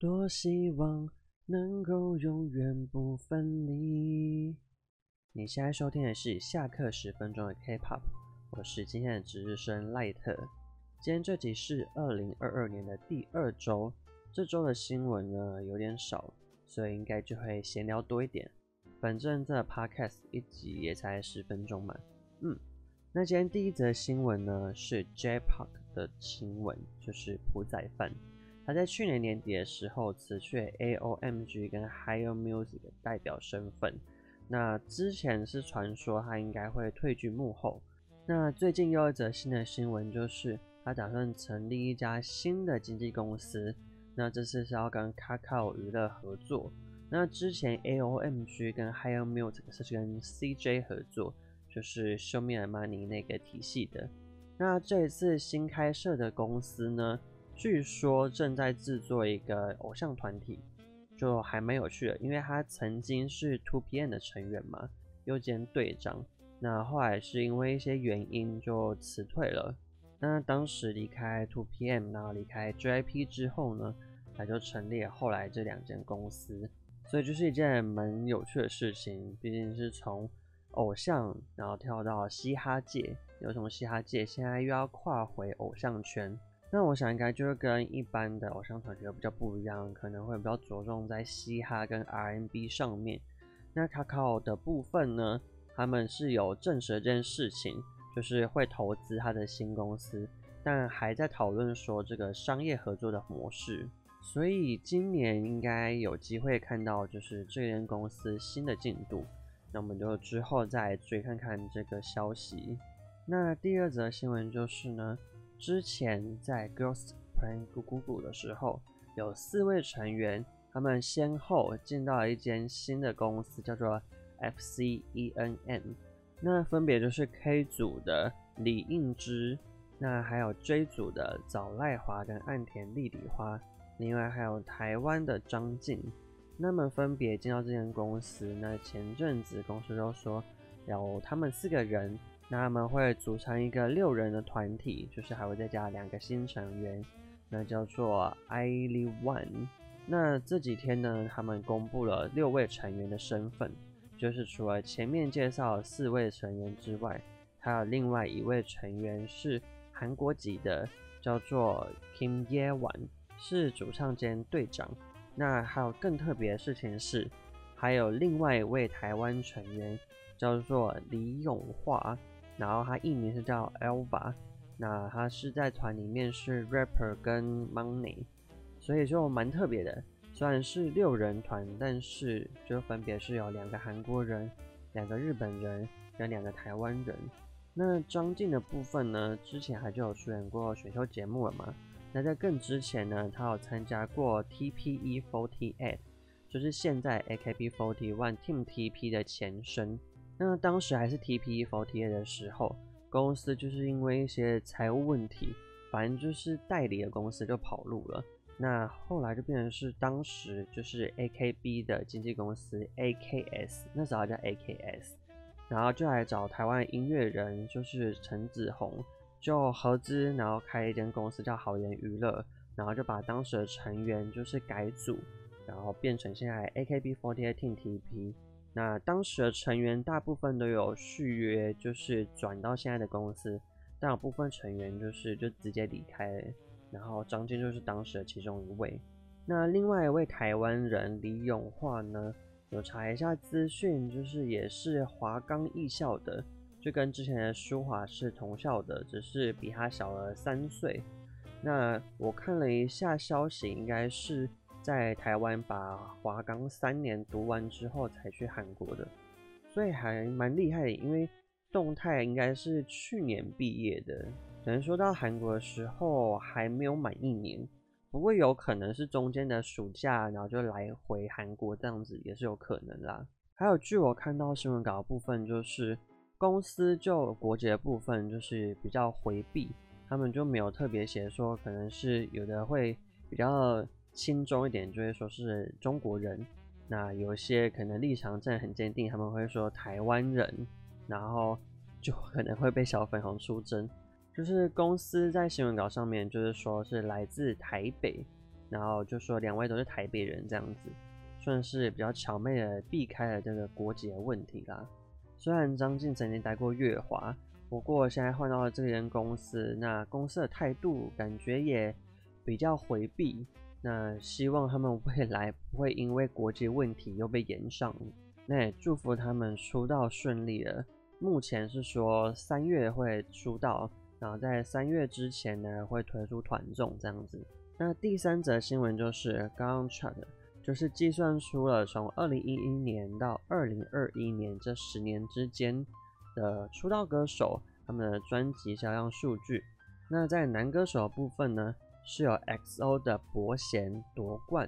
多希望能夠永遠不分離。你現在收聽的是下課十分鐘的 K-pop，我是今天的值日生賴特。今天這集是二零二二年的第二周，這周的新聞呢有點少，所以應該就會閒聊多一點。反正這 Podcast 一集也才十分鐘嘛。嗯，那今天第一則新聞呢是 Jay Park 的新聞，就是朴宰範。他在去年年底的時候辭去 AOMG 跟 Higher Music 的代表身份，那之前是傳說他應該會退居幕後，那最近又有一則新的新聞就是他打算成立一家新的經紀公司，那這次是要跟 Kakao 娛樂合作，那之前 AOMG 跟 Higher Music 是跟 CJ 合作，就是 Show Me The Money 那個體系的，那這一次新開設的公司呢，據說正在製作一個偶像團體，就還蠻有趣的，因為他曾經是 Two PM 的成員嘛，又兼隊長。那後來是因為一些原因就辭退了。那當時離開 Two PM，然後離開 JYP 之後呢，他就成立了後來這兩間公司，所以就是一件蠻有趣的事情。畢竟是從偶像，然後跳到嘻哈界，又從嘻哈界現在又要跨回偶像圈。那我想應該就是跟一般的偶像團體比較不一樣，可能會比較着重在嘻哈跟 R&B 上面。那卡卡的部分呢，他們是有證實這件事情，就是會投資他的新公司，但還在討論說這個商業合作的模式。所以今年應該有機會看到就是這間公司新的進度。那我們就之後再追看看這個消息。那第二則新聞就是呢。之前在 Girls Planet 999的時候，有四位成員，他們先後進到了一間新的公司，叫做 FCENM。那分別就是 K 組的李映智，那還有 J 組的早瀨華跟岸田莉莉花，另外還有台灣的張晉。那麼分別進到這間公司，那前陣子公司就說有他們四個人。那他們會組成一個六人的團體，就是還會再加兩個新成員，那叫做 e l l i One。那這幾天呢，他們公布了六位成員的身份，就是除了前面介紹四位成員之外，還有另外一位成員是韓國籍的，叫做 Kim Ye w a n 是主唱兼隊長。那還有更特別的事情是，還有另外一位台灣成員，叫做李永華。然後他藝名是叫 Elva，那他是在團裡面是 rapper 跟 money，所以就蠻特別的。雖然是六人團，但是就分別是有兩個韓國人，兩個日本人，跟兩個台灣人。那張敬的部分呢，之前還就有出演過選秀節目了嘛。那在更之前呢，他有參加過 TPE48，就是現在 AKB48 Team TP 的前身。那當時還是 TP48 的時候，公司就是因為一些財務問題，反正就是代理的公司就跑路了。那後來就變成是當時就是 A K B 的經紀公司 A K S，那時候叫 A K S，然後就來找台灣音樂人就是陳子鴻，就合資然後開一間公司叫好言娛樂，然後就把當時的成員就是改組，然後變成現在 AKB48 TP。那當時的成員大部分都有續約，就是轉到現在的公司，但有部分成員就是就直接離開，然後張晉就是當時的其中一位。那另外一位台灣人李永華呢，有查一下資訊，就是也是華岡藝校的，就跟之前的舒華是同校的，只是比他小了三歲。那我看了一下消息，應該是。在台灣把華岡三年讀完之後才去韓國的，所以還蠻厲害的。因為動態應該是去年畢業的，等於說到韓國的時候還沒有滿一年，不過有可能是中間的暑假，然後就來回韓國這樣子也是有可能啦。還有據我看到新聞稿的部分，就是公司就國籍的部分就是比較回避，他們就沒有特別寫說可能是有的會比較，輕鬆一點，就會說是中國人。那有一些可能立場真的很堅定，他們會說台灣人，然後就可能會被小粉紅出征。就是公司在新聞稿上面就是說是來自台北，然後就說兩位都是台北人這樣子，算是比較巧妙的避開了這個國籍的問題啦。雖然張靜曾經待過樂華，不過現在換到了這間公司，那公司的態度感覺也比較回避。那希望他們未來不會因為國籍問題又被炎上。那也祝福他們出道順利了。目前是說三月會出道，然後在三月之前呢會推出團綜這樣子。那第三則新聞就是剛剛傳的，就是計算出了從二零一一年到二零二一年這十年之間的出道歌手他們的專輯銷量數據。那在男歌手部分呢？是由 XO 的伯賢奪冠，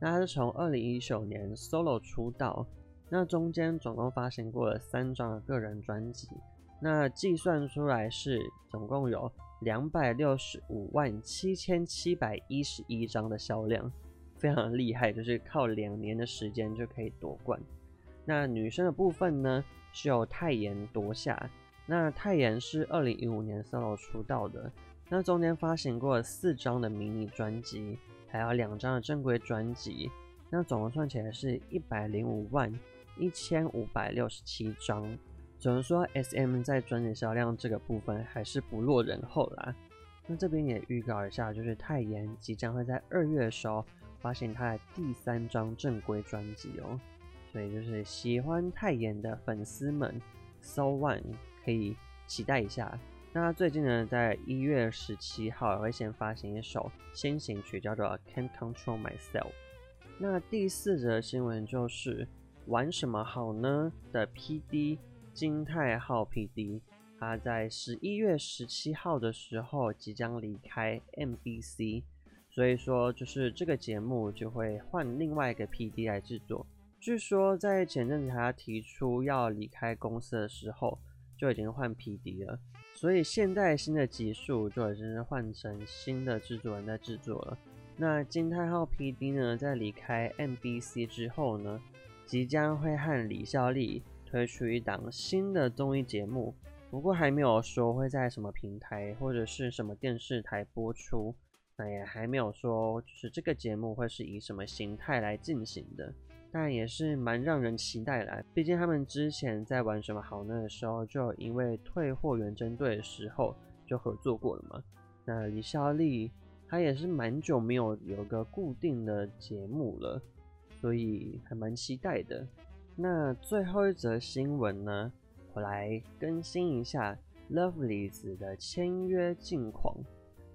那他是從二零一九年 solo 出道，那中間總共發行過了三張個人專輯，那計算出來是總共有兩百六十五萬七千七百一十一張的銷量，非常的厲害，就是靠兩年的時間就可以奪冠。那女生的部分呢，是由泰妍奪下，那泰妍是二零一五年 solo 出道的。那中間發行過了四張的迷你專輯，還有兩張的正規專輯，那總共算起來是一百零五萬一千五百六十七張。只能說 SM 在專輯銷量這個部分還是不落人後啦。那這邊也預告一下，就是太妍即將會在二月的時候發行她的第三張正規專輯哦，所以就是喜歡太妍的粉絲們，千萬可以期待一下。那最近呢，在一月十七號也會先發行一首先行曲，叫做《Can't Control Myself》。那第四則新聞就是玩什麼好呢的 PD 金泰浩 PD，他在十一月十七號的時候即將離開 MBC，所以說就是這個節目就會換另外一個 PD 來制作。據說在前陣子他提出要離開公司的時候，就已經換 PD 了。所以，現在新的集數就已經換成新的制作人在制作了。那金泰浩 PD 呢，在離開 MBC 之後呢，即將會和李孝利推出一檔新的綜藝節目，不過還沒有說會在什麼平台或者是什麼電視台播出，那也還沒有說就是這個節目會是以什麼形態來進行的。但也是蠻讓人期待啦，啊，畢竟他們之前在玩什麼好呢的時候，就因為退貨遠征隊的時候就合作過了嘛。那李孝利他也是蠻久沒有有個固定的節目了，所以還蠻期待的。那最後一則新聞呢，我來更新一下 Lovelyz 的簽約近況。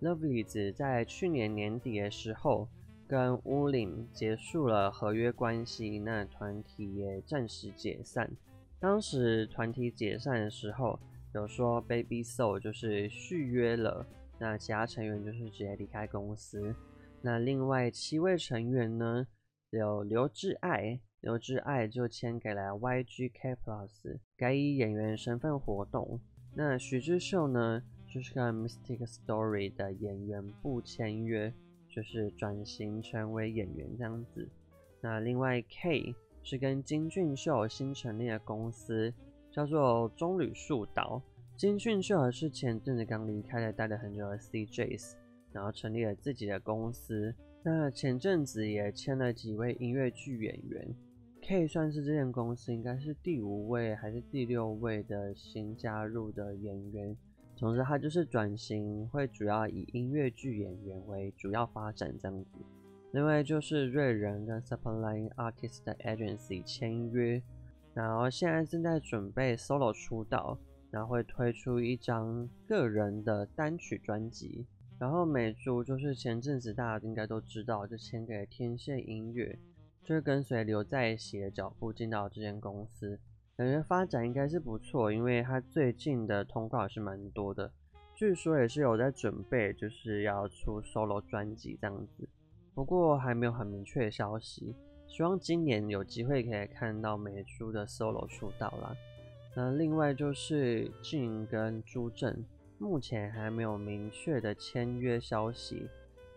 Lovelyz 在去年年底的時候，跟烏嶺結束了合約關係，那團體也暫時解散。當時團體解散的時候，有說 Baby Soul 就是續約了，那其他成員就是直接離開公司。那另外七位成員呢，有劉智愛，劉智愛就簽給了 YGK Plus，改以演員身份活動。那徐智秀呢，就是跟 Mystic Story 的演員部簽約。就是轉型成為演員這樣子，那另外 K 是跟金俊秀新成立的公司叫做棕櫚樹島。金俊秀是前陣子剛離開的待了很久的 CJS，然後成立了自己的公司，那前陣子也簽了幾位音樂劇演員，K 算是這間公司應該是第五位還是第六位的新加入的演員，同時，他就是轉型，會主要以音樂劇演員為主要發展這樣子。另外就是瑞仁跟 Superline Artist Agency 簽約，然後現在正在準備 solo 出道，然後會推出一張個人的單曲專輯。然後美珠就是前陣子大家應該都知道，就簽給天線音樂，就是跟隨劉在石的腳步進到這間公司。感覺發展應該是不錯，因為他最近的通告也是蠻多的，據說也是有在準備，就是要出 solo 專輯這樣子，不過還沒有很明確的消息，希望今年有機會可以看到美珠的 solo 出道啦。那另外就是 Jin 跟朱正，目前還沒有明確的簽約消息。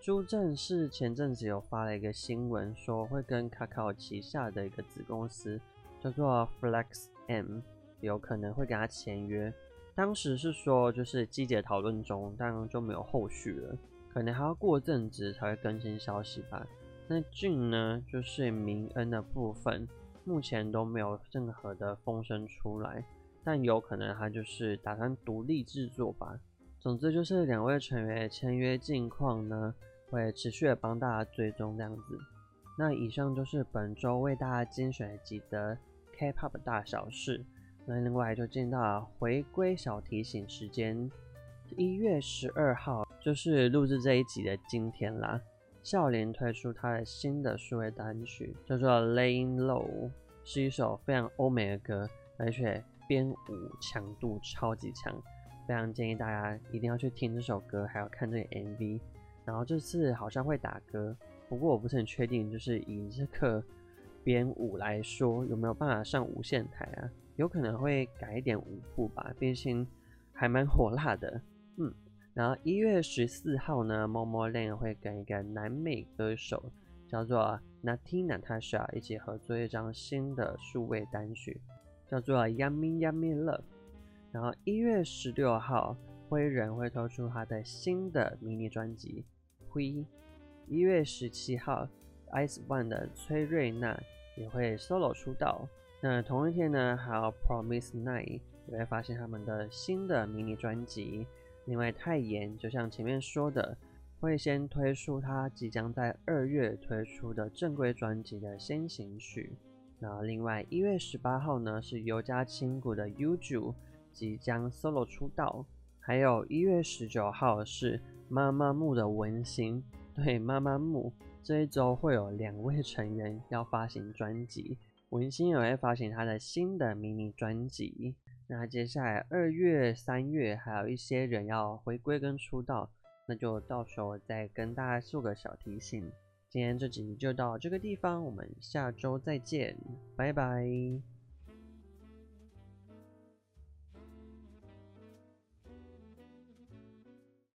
朱正是前陣子有發了一個新聞，說會跟 Kakao 旗下的一個子公司。叫做 Flex M，有可能會跟他簽約。當時是說就是季節討論中，但就沒有後續了，可能還要過陣子才會更新消息吧。那俊呢，就是明恩的部分，目前都沒有任何的風聲出來，但有可能他就是打算獨立製作吧。總之就是兩位成員的簽約近況呢，會持續的幫大家追蹤這樣子。那以上就是本周為大家精選的幾則。K-pop 大小事，那另外就進到回歸小提醒時間，一月十二號就是錄製這一集的今天啦。孝琳推出她的新的數位單曲叫做《Laying Low》，是一首非常歐美的歌，而且編舞強度超級強，非常建議大家一定要去聽這首歌，還有看這個 MV。然後這次好像會打歌，不過我不是很確定，就是以這個。編舞來說有沒有辦法上無線台啊？有可能會改一點舞步吧，畢竟還蠻火辣的。嗯，然後一月十四號呢，MOMOLAND 會跟一個南美歌手叫做 Natti Natasha 一起合作一張新的數位單曲，叫做《Yummy Yummy Love》。然後一月十六號，輝人會推出，出他的新的迷你專輯《輝》1 17。一月十七號，IZ*ONE 的崔瑞娜，也會 solo 出道。那同一天呢，還有 Promise Night，也會發現他們的新的迷你專輯。另外，太妍就像前面說的，會先推出他即將在二月推出的正規專輯的先行曲。那另外一月十八號呢，是尤佳親谷的 Yuju 即將 solo 出道。還有一月十九號是媽媽木的玟星，對，媽媽木。這一周會有兩位成員要發行專輯，文星也會發行他的新的迷你專輯。那接下來二月、三月還有一些人要回歸跟出道，那就到時候再跟大家做個小提醒。今天這集就到這個地方，我們下周再見，拜拜。